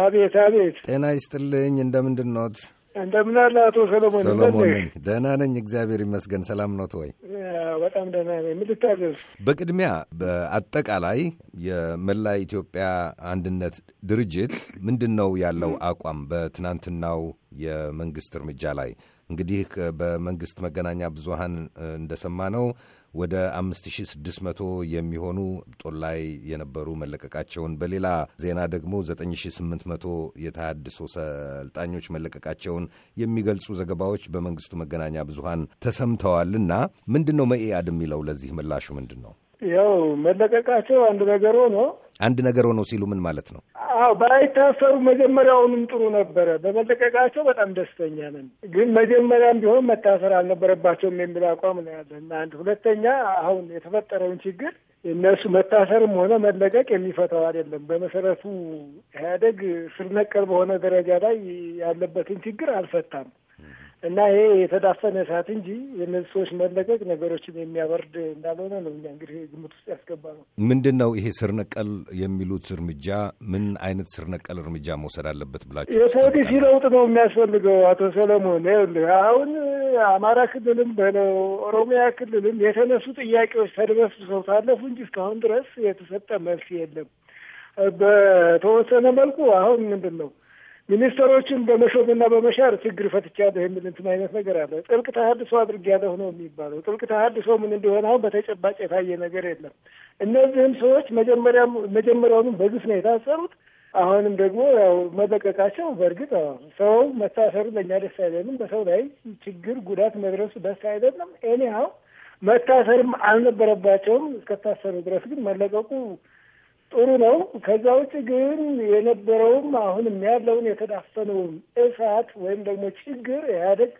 አቤት አቤት። ጤና ይስጥልኝ። እንደምንድን ኖት? እንደምን አለ አቶ ሰለሞን? ሰለሞን ነኝ። ደህና ነኝ፣ እግዚአብሔር ይመስገን። ሰላም ኖት ወይ? በጣም ደህና ነኝ። ምን ልታዘዝ? በቅድሚያ በአጠቃላይ የመላ ኢትዮጵያ አንድነት ድርጅት ምንድን ነው ያለው አቋም በትናንትናው የመንግስት እርምጃ ላይ? እንግዲህ በመንግስት መገናኛ ብዙሃን ነው ወደ 5600 የሚሆኑ ጦር ላይ የነበሩ መለቀቃቸውን፣ በሌላ ዜና ደግሞ 9800 የተሃድሶ ሰልጣኞች መለቀቃቸውን የሚገልጹ ዘገባዎች በመንግስቱ መገናኛ ብዙሃን ተሰምተዋልና ምንድን ነው መኢአድ የሚለው ለዚህ ምላሹ ምንድን ነው? ያው መለቀቃቸው አንድ ነገር ሆኖ አንድ ነገር ሆነው ሲሉ ምን ማለት ነው? አዎ ባይታሰሩ መጀመሪያውንም ጥሩ ነበረ። በመለቀቃቸው በጣም ደስተኛ ነን። ግን መጀመሪያም ቢሆን መታሰር አልነበረባቸውም የሚል አቋም ነው ያለን። አንድ ሁለተኛ፣ አሁን የተፈጠረውን ችግር እነሱ መታሰርም ሆነ መለቀቅ የሚፈታው አይደለም። በመሰረቱ ኢህአዴግ ስር ነቀል በሆነ ደረጃ ላይ ያለበትን ችግር አልፈታም። እና ይሄ የተዳፈነ እሳት እንጂ የእነዚህ ሰዎች መለቀቅ ነገሮችን የሚያበርድ እንዳልሆነ ነው እኛ እንግዲህ ግምት ውስጥ ያስገባ ነው። ምንድን ነው ይሄ ስር ነቀል የሚሉት እርምጃ? ምን አይነት ስር ነቀል እርምጃ መውሰድ አለበት ብላችሁ? የፖሊሲ ለውጥ ነው የሚያስፈልገው አቶ ሰለሞን። አሁን አማራ ክልልም በለው ኦሮሚያ ክልልም የተነሱ ጥያቄዎች ተድበስብሰው ታለፉ እንጂ እስካሁን ድረስ የተሰጠ መልስ የለም። በተወሰነ መልኩ አሁን ምንድን ነው ሚኒስትሮችን በመሾምና በመሻር ችግር ፈትቻለሁ የሚል እንትን አይነት ነገር አለ። ጥልቅ ተሀድሶ አድርጌያለሁ ነው የሚባለው። ጥልቅ ተሀድሶ ምን እንደሆነ አሁን በተጨባጭ የታየ ነገር የለም። እነዚህም ሰዎች መጀመሪያም መጀመሪያውንም በግፍ ነው የታሰሩት። አሁንም ደግሞ ያው መለቀቃቸው በእርግጥ ሰው መታሰሩ ለእኛ ደስ አይለንም። በሰው ላይ ችግር ጉዳት መድረሱ ደስ አይለንም። ኤኒሃው መታሰርም አልነበረባቸውም። እስከታሰሩ ድረስ ግን መለቀቁ ጥሩ ነው። ከዛ ውጭ ግን የነበረውም አሁንም ያለውን የተዳፈነውን እሳት ወይም ደግሞ ችግር ኢህአዴግ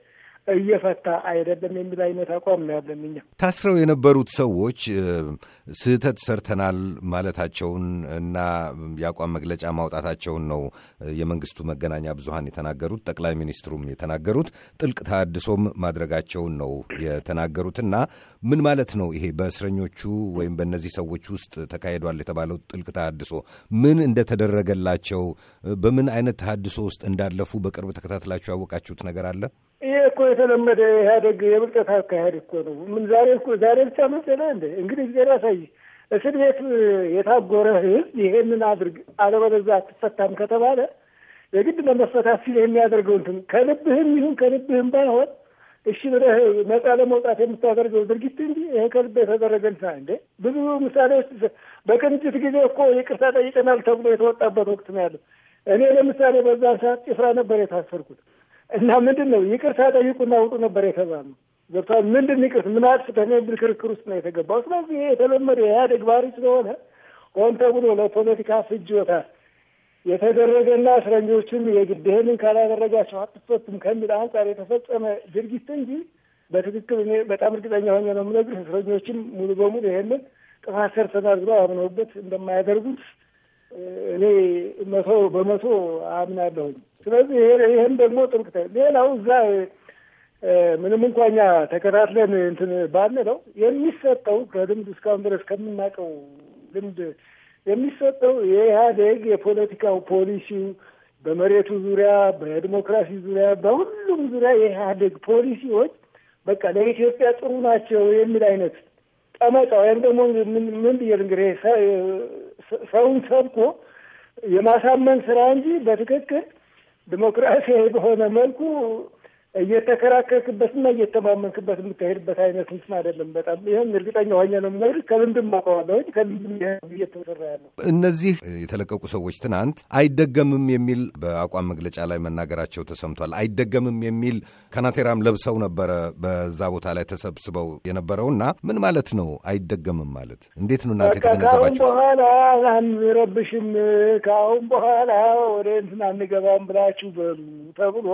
እየፈታ አይደለም የሚል አይነት አቋም ነው ያለን። እኛ ታስረው የነበሩት ሰዎች ስህተት ሰርተናል ማለታቸውን እና የአቋም መግለጫ ማውጣታቸውን ነው የመንግስቱ መገናኛ ብዙኃን የተናገሩት፣ ጠቅላይ ሚኒስትሩም የተናገሩት፣ ጥልቅ ተሃድሶም ማድረጋቸውን ነው የተናገሩት። እና ምን ማለት ነው ይሄ በእስረኞቹ ወይም በእነዚህ ሰዎች ውስጥ ተካሂዷል የተባለው ጥልቅ ተሃድሶ ምን እንደተደረገላቸው፣ በምን አይነት ተሃድሶ ውስጥ እንዳለፉ በቅርብ ተከታትላችሁ ያወቃችሁት ነገር አለ? እኮ የተለመደ ኢህአደግ የብልጠት አካሄድ እኮ ነው። ምን ዛሬ እኮ ዛሬ ብቻ መሰለህ እንደ እንግዲህ ጊዜ ያሳይ እስር ቤት የታጎረ ህዝብ ይሄንን አድርግ አለበለዚያ አትፈታም ከተባለ የግድ ለመፈታት ሲል የሚያደርገው እንትን ከልብህም ይሁን ከልብህም ባይሆን እሺ ብለህ ነጻ ለመውጣት የምታደርገው ድርጊት እንጂ ይሄ ከልብ የተደረገ ንሳ እንዴ? ብዙ ምሳሌዎች በቅንጅት ጊዜ እኮ ይቅርታ ጠይቀናል ተብሎ የተወጣበት ወቅት ነው ያለው። እኔ ለምሳሌ በዛን ሰዓት ጭፍራ ነበር የታሰርኩት። እና ምንድን ነው ይቅርታ ጠይቁና ውጡ ነበር የተባለው። ገብቷል። ምንድን ይቅርት ምን አጥፍተህ የሚል ክርክር ውስጥ ነው የተገባው። ስለዚህ ይሄ የተለመደ የኢህአዴግ ባህሪ ስለሆነ ሆን ተብሎ ለፖለቲካ ፍጆታ የተደረገና እስረኞችም የግድ ይህንን ካላደረጋቸው አትፈቱም ከሚል አንጻር የተፈጸመ ድርጊት እንጂ በትክክል እኔ በጣም እርግጠኛ ሆኜ ነው የምነግርህ እስረኞችም ሙሉ በሙሉ ይሄንን ጥፋት ሰርተናል ብለው አምነውበት እንደማያደርጉት እኔ መቶ በመቶ አምናለሁኝ። ስለዚህ ይህም ደግሞ ጥብቅ ሌላው እዛ ምንም እንኳኛ ተከታትለን እንትን ባንለው የሚሰጠው ከልምድ እስካሁን ድረስ ከምናውቀው ልምድ የሚሰጠው የኢህአዴግ የፖለቲካው ፖሊሲው በመሬቱ ዙሪያ፣ በዲሞክራሲ ዙሪያ፣ በሁሉም ዙሪያ የኢህአዴግ ፖሊሲዎች በቃ ለኢትዮጵያ ጥሩ ናቸው የሚል አይነት ጠመቃ ወይም ደግሞ ምን ብዬ ልንገርህ ሰውን ሰብኮ የማሳመን ስራ እንጂ በትክክል ዲሞክራሲያዊ በሆነ መልኩ እየተከራከርክበትና እየተማመንክበት የምታሄድበት አይነት እንትን አይደለም። በጣም ይህን እርግጠኛ ሆኜ ነው የምነግርህ። ከልምድም አውቀዋለሁኝ ከልምድም እየተሰራ ያለው እነዚህ የተለቀቁ ሰዎች ትናንት አይደገምም የሚል በአቋም መግለጫ ላይ መናገራቸው ተሰምቷል። አይደገምም የሚል ከናቴራም ለብሰው ነበረ በዛ ቦታ ላይ ተሰብስበው የነበረውና ምን ማለት ነው አይደገምም ማለት እንዴት ነው እናንተ የተገነዘባቸው? በኋላ አንረብሽም ከአሁን በኋላ ወደ እንትን አንገባም ብላችሁ በሉ ተብሎ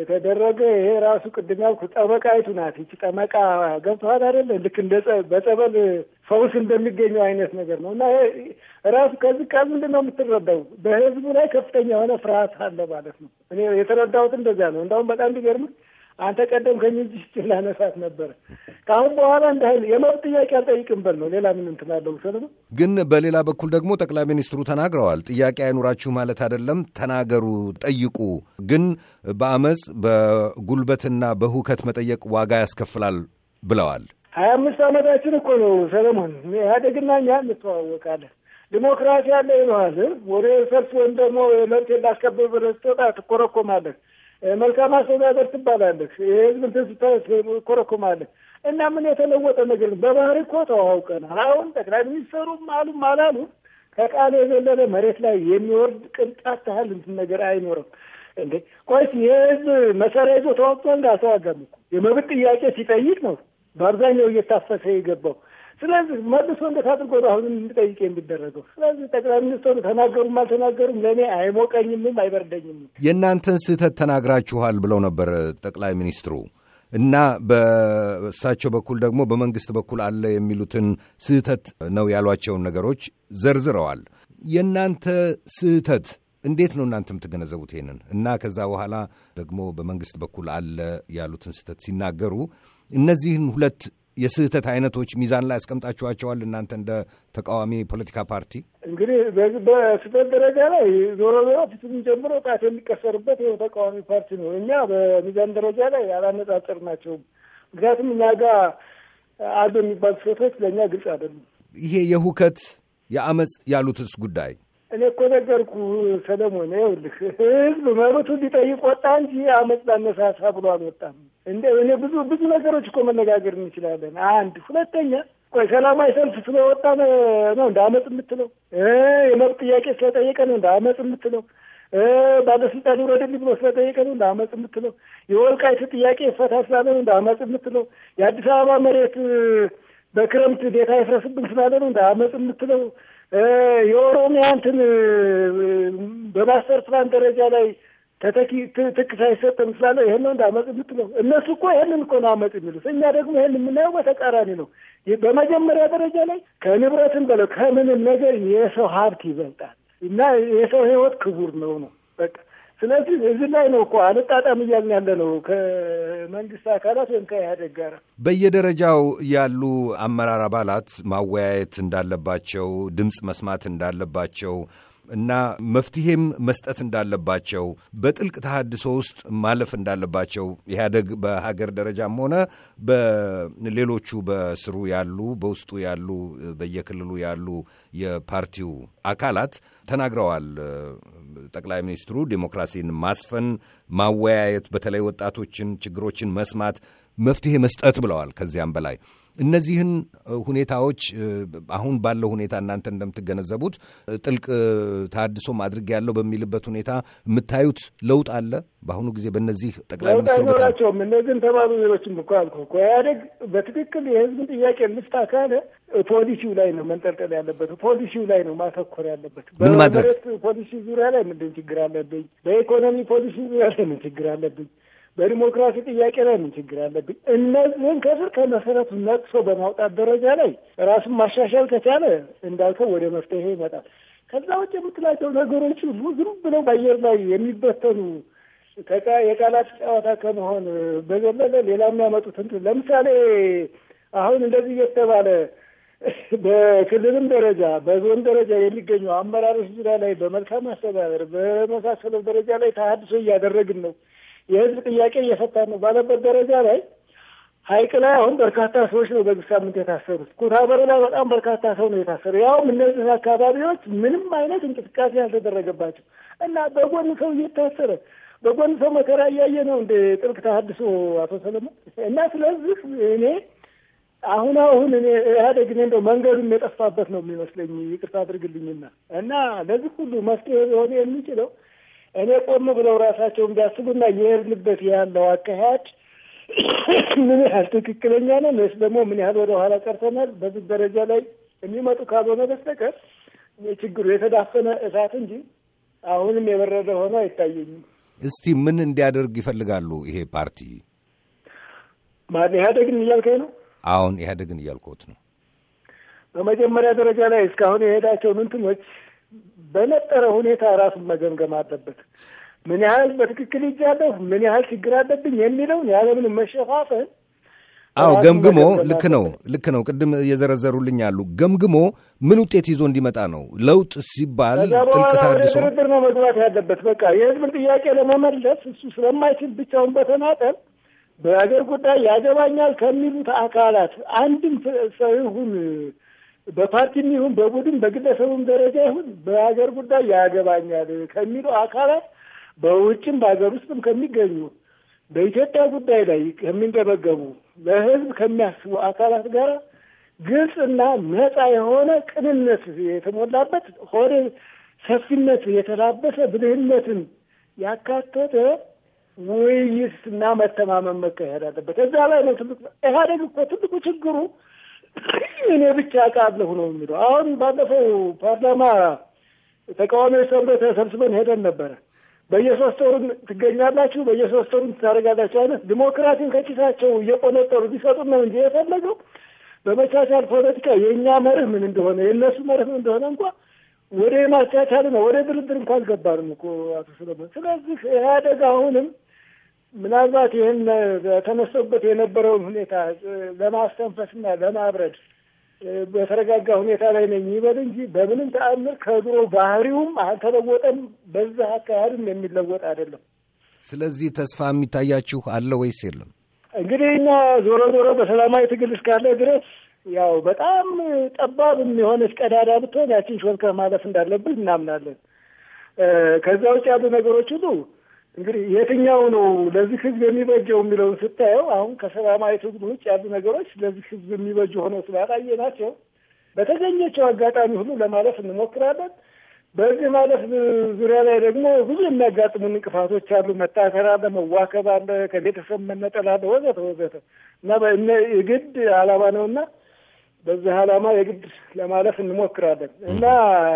የተደረገ ይሄ ራሱ ቅድም ያልኩ አይቱ ናት። ይቺ ጠመቃ ገብቷል አይደለ? ልክ እንደ በጸበል ፈውስ እንደሚገኘው አይነት ነገር ነው እና ራሱ ከዚህ ቃል ምንድን ነው የምትረዳው? በህዝቡ ላይ ከፍተኛ የሆነ ፍርሃት አለ ማለት ነው። እኔ የተረዳሁት እንደዚያ ነው። እንዳሁም በጣም ቢገርምህ አንተ ቀደም ከኝጅ ስትብላ ነሳት ነበረ። ከአሁን በኋላ እንደ ኃይል የመብት ጥያቄ አልጠይቅም በል ነው። ሌላ ምን እንትን አለው? ግን በሌላ በኩል ደግሞ ጠቅላይ ሚኒስትሩ ተናግረዋል። ጥያቄ አይኑራችሁ ማለት አይደለም፣ ተናገሩ፣ ጠይቁ። ግን በአመፅ በጉልበትና በሁከት መጠየቅ ዋጋ ያስከፍላል ብለዋል። ሀያ አምስት አመታችን እኮ ነው ሰለሞን። ኢህአዴግና እኛ እንተዋወቃለን። ዲሞክራሲ አለ ይለዋል። ወደ ሰልፍ ወይም ደግሞ መብት ላስከብር ብለህ ስትወጣ ትኮረኮማለህ መልካም አስተዳደር ትባላለህ፣ የህዝብ እንትን ስትኮረኩማለህ እና ምን የተለወጠ ነገር በባህሪ እኮ ተዋውቀናል። አሁን ጠቅላይ ሚኒስትሩም አሉ አላሉ ከቃል የዘለለ መሬት ላይ የሚወርድ ቅንጣት ታህል እንትን ነገር አይኖርም። እንዴ ቆይስ የህዝብ መሰሪያ ይዞ ተዋግቷል እንዳልተዋጋም እኮ የመብት ጥያቄ ሲጠይቅ ነው በአብዛኛው እየታፈሰ የገባው። ስለዚህ መልሶ እንዴት አድርጎ ነው አሁን እንድጠይቅ የሚደረገው? ስለዚህ ጠቅላይ ሚኒስትሩ ተናገሩም አልተናገሩም ለእኔ አይሞቀኝምም አይበርደኝም። የእናንተን ስህተት ተናግራችኋል ብለው ነበር ጠቅላይ ሚኒስትሩ እና በእሳቸው በኩል ደግሞ በመንግስት በኩል አለ የሚሉትን ስህተት ነው ያሏቸውን ነገሮች ዘርዝረዋል። የእናንተ ስህተት እንዴት ነው እናንተ የምትገነዘቡት ይሄንን? እና ከዛ በኋላ ደግሞ በመንግስት በኩል አለ ያሉትን ስህተት ሲናገሩ እነዚህን ሁለት የስህተት አይነቶች ሚዛን ላይ አስቀምጣችኋቸዋል እናንተ እንደ ተቃዋሚ ፖለቲካ ፓርቲ? እንግዲህ በስህተት ደረጃ ላይ ዞሮ ዞሮ ፊቱን ጀምሮ ጣት የሚቀሰርበት ይኸው ተቃዋሚ ፓርቲ ነው። እኛ በሚዛን ደረጃ ላይ ናቸውም። ምክንያቱም እኛ ጋ አሉ የሚባሉ ስህተቶች ለእኛ ግልጽ አይደሉም። ይሄ የሁከት የአመፅ ያሉትስ ጉዳይ እኔ እኮ ነገርኩ ሰለሞን፣ ይኸውልህ ህዝብ መብቱ ሊጠይቅ ወጣ እንጂ አመፅ ላነሳሳ ብሎ አልወጣም። እንደ እኔ ብዙ ብዙ ነገሮች እኮ መነጋገር እንችላለን። አንድ ሁለተኛ ቆይ ሰላማዊ ሰልፍ ስለወጣ ነው እንደ አመፅ የምትለው? የመብት ጥያቄ ስለጠየቀ ነው እንደ አመፅ የምትለው? ባለስልጣን ውረድልኝ ብሎ ስለጠየቀ ነው እንደ አመፅ የምትለው? የወልቃይት ጥያቄ ይፈታ ስላለ ነው እንደ አመፅ የምትለው? የአዲስ አበባ መሬት በክረምት ቤታ ይፍረስብን ስላለ ነው እንደ አመፅ የምትለው? የኦሮሚያ እንትን በማስተር ፕላን ደረጃ ላይ ተተኪ ትክክል አይሰጥም ስላለው ይሄን ነው እንደ የምትለው። እነሱ እኮ ይሄንን እኮ ነው አመፅ የሚሉት። እኛ ደግሞ ይሄን የምናየው በተቃራኒ ነው። በመጀመሪያ ደረጃ ላይ ከንብረትን በለው ከምንም ነገር የሰው ሀብት ይበልጣል እና የሰው ህይወት ክቡር ነው ነው በቃ ስለዚህ እዚህ ላይ ነው እኮ አንጣጣም እያልን ያለ ነው ከመንግስት አካላት ወይም ከኢህአዴግ ጋር። በየደረጃው ያሉ አመራር አባላት ማወያየት እንዳለባቸው፣ ድምፅ መስማት እንዳለባቸው እና መፍትሄም መስጠት እንዳለባቸው በጥልቅ ተሃድሶ ውስጥ ማለፍ እንዳለባቸው ኢህአደግ በሀገር ደረጃም ሆነ በሌሎቹ በስሩ ያሉ በውስጡ ያሉ በየክልሉ ያሉ የፓርቲው አካላት ተናግረዋል። ጠቅላይ ሚኒስትሩ ዴሞክራሲን ማስፈን፣ ማወያየት፣ በተለይ ወጣቶችን ችግሮችን መስማት፣ መፍትሄ መስጠት ብለዋል። ከዚያም በላይ እነዚህን ሁኔታዎች አሁን ባለው ሁኔታ እናንተ እንደምትገነዘቡት ጥልቅ ታድሶ ማድረግ ያለው በሚልበት ሁኔታ የምታዩት ለውጥ አለ። በአሁኑ ጊዜ በእነዚህ ጠቅላይ ሚኒስትሩ በቃቸውም እነዚህን ተባሉ ሌሎችም እኮ አልኩ እኮ ኢህአዴግ በትክክል የህዝብን ጥያቄ ልፍታ ካለ ፖሊሲው ላይ ነው መንጠልጠል ያለበት፣ ፖሊሲው ላይ ነው ማተኮር ያለበት። ምን ማድረግ ፖሊሲ ዙሪያ ላይ ምንድን ችግር አለብኝ፣ በኢኮኖሚ ፖሊሲ ዙሪያ ላይ ምን ችግር አለብኝ በዲሞክራሲ ጥያቄ ላይ ምን ችግር አለብኝ? እነዚህን ከስር ከመሰረቱ ነቅሶ በማውጣት ደረጃ ላይ ራሱን ማሻሻል ከቻለ እንዳልከው ወደ መፍትሄ ይመጣል። ከዛ ውጭ የምትላቸው ነገሮች ሁሉ ዝም ብለው በአየር ላይ የሚበተኑ የቃላት ጨዋታ ከመሆን በዘለለ ሌላ የሚያመጡት እንትን ለምሳሌ አሁን እንደዚህ እየተባለ በክልልም ደረጃ በዞን ደረጃ የሚገኙ አመራሮች ዙሪያ ላይ በመልካም አስተዳደር በመሳሰለው ደረጃ ላይ ተሀድሶ እያደረግን ነው የህዝብ ጥያቄ እየፈታ ነው ባለበት ደረጃ ላይ ሀይቅ ላይ አሁን በርካታ ሰዎች ነው በዚህ ሳምንት የታሰሩት። ኩታበር ላይ በጣም በርካታ ሰው ነው የታሰሩ። ያውም እነዚህ አካባቢዎች ምንም አይነት እንቅስቃሴ ያልተደረገባቸው እና በጎን ሰው እየታሰረ በጎን ሰው መከራ እያየ ነው እንደ ጥልቅ ተሀድሶ አቶ ሰለሞን እና ስለዚህ እኔ አሁን አሁን እኔ ኢህአዴግ እኔ እንደው መንገዱም የጠፋበት ነው የሚመስለኝ። ይቅርታ አድርግልኝና እና ለዚህ ሁሉ መፍትሄ ሊሆን የምንችለው እኔ ቆም ብለው ራሳቸውን ቢያስቡና የሄድንበት ያለው አካሄድ ምን ያህል ትክክለኛ ነው ወይስ ደግሞ ምን ያህል ወደ ኋላ ቀርተናል? በዚህ ደረጃ ላይ የሚመጡ ካልሆነ በስተቀር ችግሩ የተዳፈነ እሳት እንጂ አሁንም የበረደ ሆኖ አይታየኝም። እስቲ ምን እንዲያደርግ ይፈልጋሉ? ይሄ ፓርቲ ማለት ኢህአደግን እያልከኝ ነው? አሁን ኢህአደግን እያልኮት ነው። በመጀመሪያ ደረጃ ላይ እስካሁን የሄዳቸውን እንትኖች በነጠረ ሁኔታ ራሱን መገምገም አለበት። ምን ያህል በትክክል ይጃለሁ፣ ምን ያህል ችግር አለብኝ የሚለውን ያለምንም መሸፋፈን አዎ ገምግሞ ልክ ነው ልክ ነው። ቅድም እየዘረዘሩልኝ አሉ። ገምግሞ ምን ውጤት ይዞ እንዲመጣ ነው። ለውጥ ሲባል ጥልቅ ታድሶ ድርድር ነው መግባት ያለበት። በቃ የህዝብን ጥያቄ ለመመለስ እሱ ስለማይችል ብቻውን በተናጠል በሀገር ጉዳይ ያገባኛል ከሚሉት አካላት አንድም ሰው ይሁን በፓርቲም ይሁን በቡድን በግለሰቡም ደረጃ ይሁን በሀገር ጉዳይ ያገባኛል ከሚሉ አካላት በውጭም በሀገር ውስጥም ከሚገኙ በኢትዮጵያ ጉዳይ ላይ ከሚንገበገቡ ለሕዝብ ከሚያስቡ አካላት ጋር ግልጽና ነፃ የሆነ ቅንነት የተሞላበት ሆደ ሰፊነት የተላበሰ ብልህነትን ያካተተ ውይይትና መተማመን መካሄድ አለበት። እዛ ላይ ነው ትልቅ ኢህአዴግ እኮ ትልቁ ችግሩ እኔ ብቻ አውቃለሁ ነው የሚለው። አሁን ባለፈው ፓርላማ ተቃዋሚዎች ሰብሎ ተሰብስበን ሄደን ነበረ። በየሶስት ወሩን ትገኛላችሁ፣ በየሶስት ወሩን ታደርጋላችሁ አይነት ዲሞክራሲን ከኪሳቸው እየቆነጠሩ ሊሰጡን ነው እንጂ የፈለገው በመቻቻል ፖለቲካ የእኛ መርህ ምን እንደሆነ የእነሱ መርህ ምን እንደሆነ እንኳ ወደ ማቻቻል ነው ወደ ድርድር እንኳ አልገባንም እኮ አቶ ስለሞን። ስለዚህ ኢህአደግ አሁንም ምናልባት ይህን ተነስቶበት የነበረውን ሁኔታ ለማስተንፈስና ለማብረድ በተረጋጋ ሁኔታ ላይ ነኝ ይበል እንጂ በምንም ተአምር ከድሮ ባህሪውም አልተለወጠም። በዛ አካሄድም የሚለወጥ አይደለም። ስለዚህ ተስፋ የሚታያችሁ አለ ወይስ የለም? እንግዲህ እኛ ዞሮ ዞሮ በሰላማዊ ትግል እስካለ ድረስ ያው በጣም ጠባብ የሚሆነች ቀዳዳ ብትሆን ያችን ሾልከህ ማለፍ እንዳለብን እናምናለን። ከዛ ውጭ ያሉ ነገሮች ሁሉ እንግዲህ የትኛው ነው ለዚህ ህዝብ የሚበጀው የሚለውን ስታየው አሁን ከሰላማዊ ትግል ውጭ ያሉ ነገሮች ለዚህ ህዝብ የሚበጁ ሆነው ስላላየ ናቸው በተገኘቸው አጋጣሚ ሁሉ ለማለፍ እንሞክራለን። በዚህ ማለፍ ዙሪያ ላይ ደግሞ ብዙ የሚያጋጥሙን እንቅፋቶች አሉ። መታሰር አለ፣ መዋከብ አለ፣ ከቤተሰብ መነጠል አለ፣ ወዘተ ወዘተ እና የግድ አላማ ነው እና በዚህ አላማ የግድ ለማለፍ እንሞክራለን እና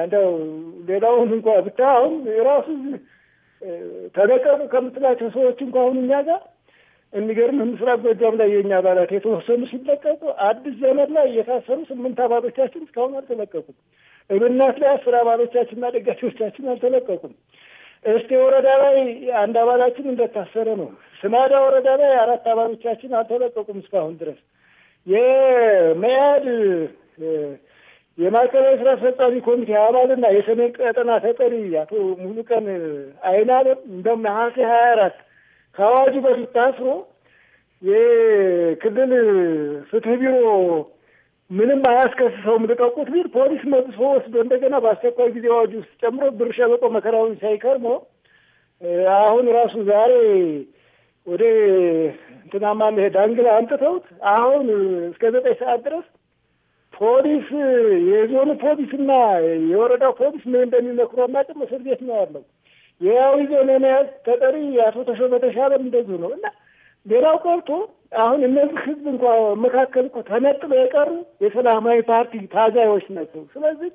እንደው ሌላውን እንኳ ብታ አሁን ራሱ ተለቀቁ ከምትላቸው ሰዎች እንኳ አሁን እኛ ጋር የሚገርም ምስራቅ ጎጃም ላይ የእኛ አባላት የተወሰኑ ሲለቀቁ አዲስ ዘመን ላይ የታሰሩ ስምንት አባሎቻችን እስካሁን አልተለቀቁም። እብናት ላይ አስር አባሎቻችንና ደጋፊዎቻችን አልተለቀቁም። እስቴ ወረዳ ላይ አንድ አባላችን እንደታሰረ ነው። ስማዳ ወረዳ ላይ አራት አባሎቻችን አልተለቀቁም እስካሁን ድረስ የመያድ የማዕከላዊ ስራ አስፈጻሚ ኮሚቴ አባልና የሰሜን ቀጠና ተጠሪ አቶ ሙሉቀን አይናለም እንደነሐሴ ሀያ አራት ከአዋጁ በፊት ታስሮ የክልል ፍትህ ቢሮ ምንም አያስከስሰውም ልቀቁት ቢል ፖሊስ መልሶ ወስዶ እንደገና በአስቸኳይ ጊዜ አዋጅ ውስጥ ጨምሮ ብር ሸለቆ መከራውን ሳይከርሞ አሁን ራሱ ዛሬ ወደ እንትናማ ዳንግላ አምጥተውት አሁን እስከ ዘጠኝ ሰዓት ድረስ ፖሊስ የዞኑ ፖሊስ እና የወረዳው ፖሊስ ምን እንደሚመክሩ አናውቅም። እስር ቤት ነው ያለው። የያዊ ዞን የመያዝ ተጠሪ የአቶ ተሾመ ተሻለም እንደዚሁ ነው እና ሌላው ቀርቶ አሁን እነዚህ ህዝብ እንኳ መካከል እኮ ተነጥሎ የቀሩ የሰላማዊ ፓርቲ ታጋዮች ናቸው። ስለዚህ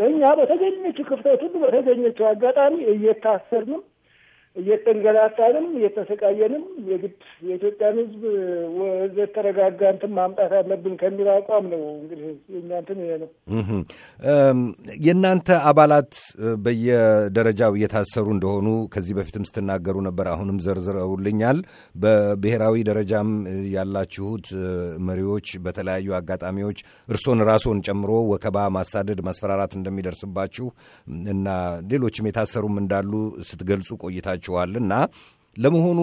ለእኛ በተገኘችው ክፍተት ሁሉ በተገኘችው አጋጣሚ እየታሰርንም እየተንገላታንም እየተሰቃየንም የግድ የኢትዮጵያን ሕዝብ ወደ ተረጋጋ እንትን ማምጣት አለብን ከሚል አቋም ነው እንግዲህ የእኛ ይሄ ነው። የእናንተ አባላት በየደረጃው እየታሰሩ እንደሆኑ ከዚህ በፊትም ስትናገሩ ነበር። አሁንም ዘርዝረውልኛል። በብሔራዊ ደረጃም ያላችሁት መሪዎች በተለያዩ አጋጣሚዎች እርሶን ራስዎን ጨምሮ ወከባ፣ ማሳደድ፣ ማስፈራራት እንደሚደርስባችሁ እና ሌሎችም የታሰሩም እንዳሉ ስትገልጹ ቆይታችሁ ይገባቸዋልና ለመሆኑ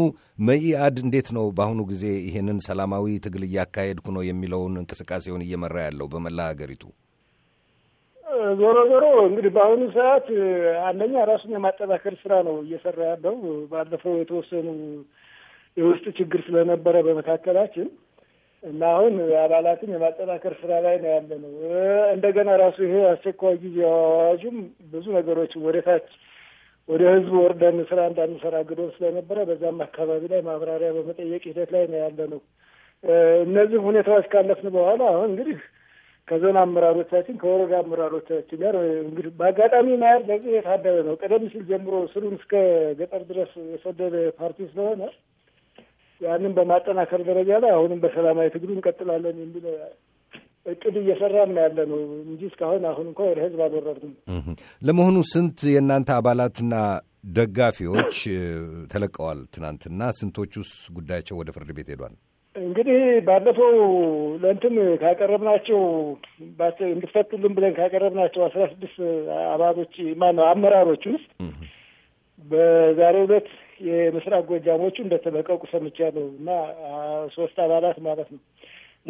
መኢአድ እንዴት ነው በአሁኑ ጊዜ ይህንን ሰላማዊ ትግል እያካሄድኩ ነው የሚለውን እንቅስቃሴውን እየመራ ያለው በመላ ሀገሪቱ? ዞሮ ዞሮ እንግዲህ በአሁኑ ሰዓት አንደኛ ራሱን የማጠናከር ስራ ነው እየሰራ ያለው። ባለፈው የተወሰኑ የውስጥ ችግር ስለነበረ በመካከላችን እና አሁን አባላትን የማጠናከር ስራ ላይ ነው ያለ ነው። እንደገና ራሱ ይሄ አስቸኳይ ጊዜ አዋጁም ብዙ ነገሮች ወደታች ወደ ህዝቡ ወርደን ስራ እንዳንሰራ ግዶን ስለነበረ በዛም አካባቢ ላይ ማብራሪያ በመጠየቅ ሂደት ላይ ነው ያለ ነው። እነዚህ ሁኔታዎች ካለፍን በኋላ አሁን እንግዲህ ከዞን አመራሮቻችን ከወረዳ አመራሮቻችን ጋር እንግዲህ በአጋጣሚ ማያር በዚህ የታደበ ነው። ቀደም ሲል ጀምሮ ስሩን እስከ ገጠር ድረስ የሰደደ ፓርቲ ስለሆነ ያንን በማጠናከር ደረጃ ላይ አሁንም በሰላማዊ ትግሉ እንቀጥላለን የሚል እቅድ እየሰራን ነው ያለ ነው እንጂ እስካሁን አሁን እንኳ ወደ ህዝብ አልወረድንም። ለመሆኑ ስንት የእናንተ አባላትና ደጋፊዎች ተለቀዋል? ትናንትና ስንቶቹስ ጉዳያቸው ወደ ፍርድ ቤት ሄዷል? እንግዲህ ባለፈው ለእንትን ካቀረብናቸው እንድፈቱልን ብለን ካቀረብናቸው አስራ ስድስት አባሎች ማነው አመራሮች ውስጥ በዛሬው ዕለት የምስራቅ ጎጃሞቹ እንደተለቀቁ ሰምቻለሁ እና ሶስት አባላት ማለት ነው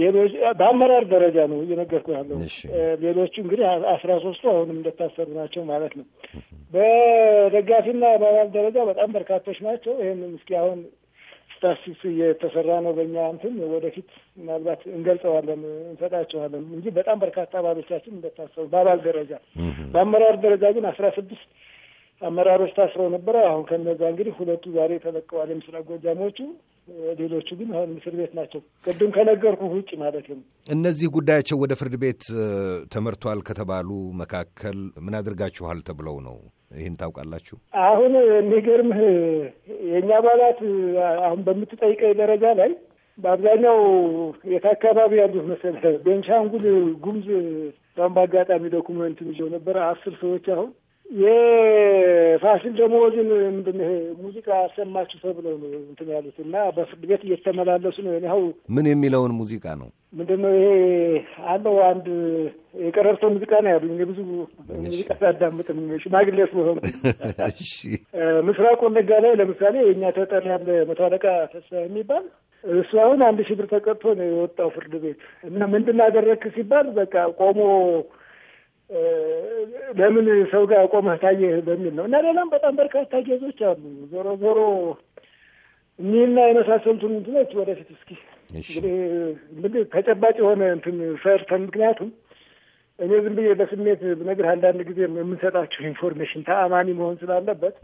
ሌሎች በአመራር ደረጃ ነው እየነገርኩ ያለው። ሌሎቹ እንግዲህ አስራ ሶስቱ አሁንም እንደታሰሩ ናቸው ማለት ነው። በደጋፊና በአባል ደረጃ በጣም በርካቶች ናቸው። ይህንም እስኪ አሁን ስታሲስ እየተሰራ ነው በእኛ እንትን ወደፊት ምናልባት እንገልጸዋለን እንሰጣቸዋለን እንጂ በጣም በርካታ አባሎቻችን እንደታሰሩ በአባል ደረጃ፣ በአመራር ደረጃ ግን አስራ ስድስት አመራሮች ታስረው ነበረ። አሁን ከነዛ እንግዲህ ሁለቱ ዛሬ ተለቀዋል፣ የምስራቅ ጎጃሞቹ። ሌሎቹ ግን አሁን እስር ቤት ናቸው፣ ቅድም ከነገርኩ ውጭ ማለት ነው። እነዚህ ጉዳያቸው ወደ ፍርድ ቤት ተመርቷል ከተባሉ መካከል ምን አድርጋችኋል ተብለው ነው? ይህን ታውቃላችሁ? አሁን የሚገርምህ የእኛ አባላት አሁን በምትጠይቀኝ ደረጃ ላይ በአብዛኛው የት አካባቢ ያሉት መሰለህ? ቤንሻንጉል ጉሙዝ በአጋጣሚ ዶኩመንት ይዘው ነበረ አስር ሰዎች አሁን የፋሲል ደሞዝን ምንድን ይሄ ሙዚቃ አሰማችሁ ተብለው ነው እንትን ያሉት እና በፍርድ ቤት እየተመላለሱ ነው። ያው ምን የሚለውን ሙዚቃ ነው ምንድን ነው ይሄ አለው አንድ የቀረርቶ ሙዚቃ ነው ያሉኝ። ብዙ ሙዚቃ ሳዳምጥም ሽማግሌ ስለሆኑ ምስራቅ ወለጋ ላይ ለምሳሌ የእኛ ተጠሪ ያለ መቶ አለቃ ተስፋ የሚባል እሱ አሁን አንድ ሺህ ብር ተቀጥቶ ነው የወጣው ፍርድ ቤት እና ምንድን አደረግክ ሲባል በቃ ቆሞ ለምን ሰው ጋር ቆመህ ታየህ በሚል ነው እና ሌላም በጣም በርካታ ጌዞች አሉ። ዞሮ ዞሮ እኒህና የመሳሰሉትን እንትኖች ወደፊት እስኪ እንግዲህ ተጨባጭ የሆነ እንትን ሰርተን ምክንያቱም እኔ ዝም ብዬ በስሜት ነገር አንዳንድ ጊዜ የምንሰጣችሁ ኢንፎርሜሽን ተአማኒ መሆን ስላለበት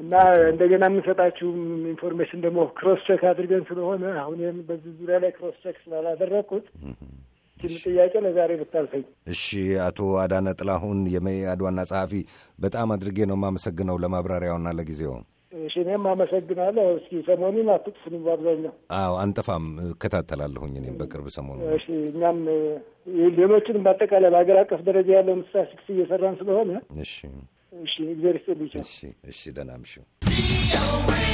እና እንደገና የምንሰጣችሁም ኢንፎርሜሽን ደግሞ ክሮስ ቼክ አድርገን ስለሆነ አሁን በዚህ ዙሪያ ላይ ክሮስ ቼክ ስላላደረግኩት ይህችን ጥያቄ ለዛሬ ብታልፈኝ። እሺ፣ አቶ አዳነ ጥላሁን የመኢአድ ዋና ጸሐፊ፣ በጣም አድርጌ ነው የማመሰግነው ለማብራሪያውና ለጊዜው። እሺ፣ እኔም አመሰግናለሁ። እስኪ ሰሞኑን አትጥፉን። በአብዛኛው አዎ፣ አንጠፋም፣ እከታተላለሁኝ እኔም በቅርብ ሰሞኑ። እሺ፣ እኛም ሌሎችንም በአጠቃላይ በሀገር አቀፍ ደረጃ ያለው ያለውን ስታስቲክስ እየሰራን ስለሆነ እሺ፣ እሺ፣ እግዚአብሔር ይስጥልኝ። እሺ፣ እሺ፣ ደህና እምሽው።